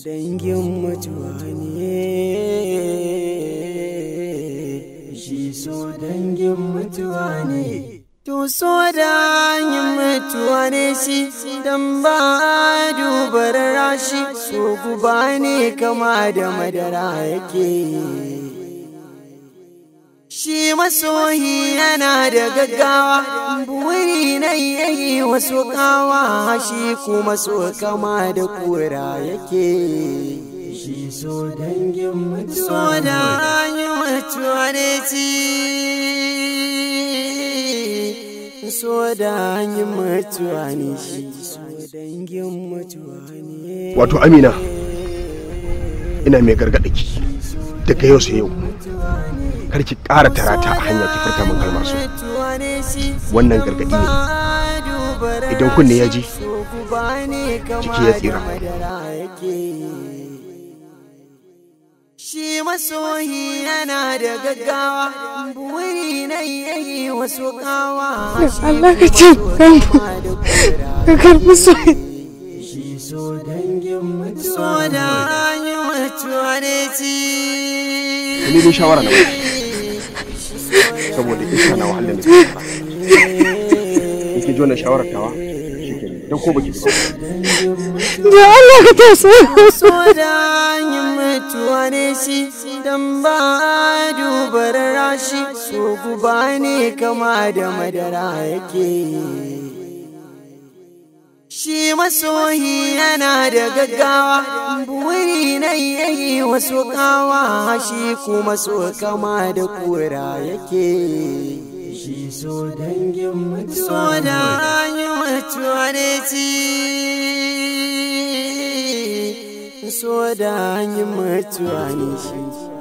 dangin mutuwa ne shi so dangin mutuwa ne to so dangin mutuwa ne shi dan ba dubar rashi so guba ne kama da madara yake Shi masohi yana da gaggawa, buri na yayi wasu kawa, shi kuma so kama da kura yake. Shi so dangin mutuwa da yi mutuwa ne ci. So da yi mutuwa ne shi so dangin mutuwa ne. Wato Amina, ina mai gargaɗa ki daga yau sai yau. kar ki ƙara tarata a hanya ki furta min kalmar su wannan gargaɗi ne idan kunne ya ji jiki ya tsira Shi masoyi yana da gaggawa, buri na yayi wasu kawa. Allah ka ce, ka karfi soyi. so dangin mutuwa da hanyar mutuwa da ci. Ni shawara na saboda eh. iska na wahalar da take in jona shawarar tawa shikenan dan ko baki ba da Allah ka tausa so da yin mutuwa ne shi dan ba dubar rashi so guba ne kama da madara yake Shi masohi yana da gaggawa, buri na yayi wasu kawa, shi kuma so kama da kura yake. Shi so dangin mutuwa da yi mutuwa ne ci, so da yi mutuwa ne shi.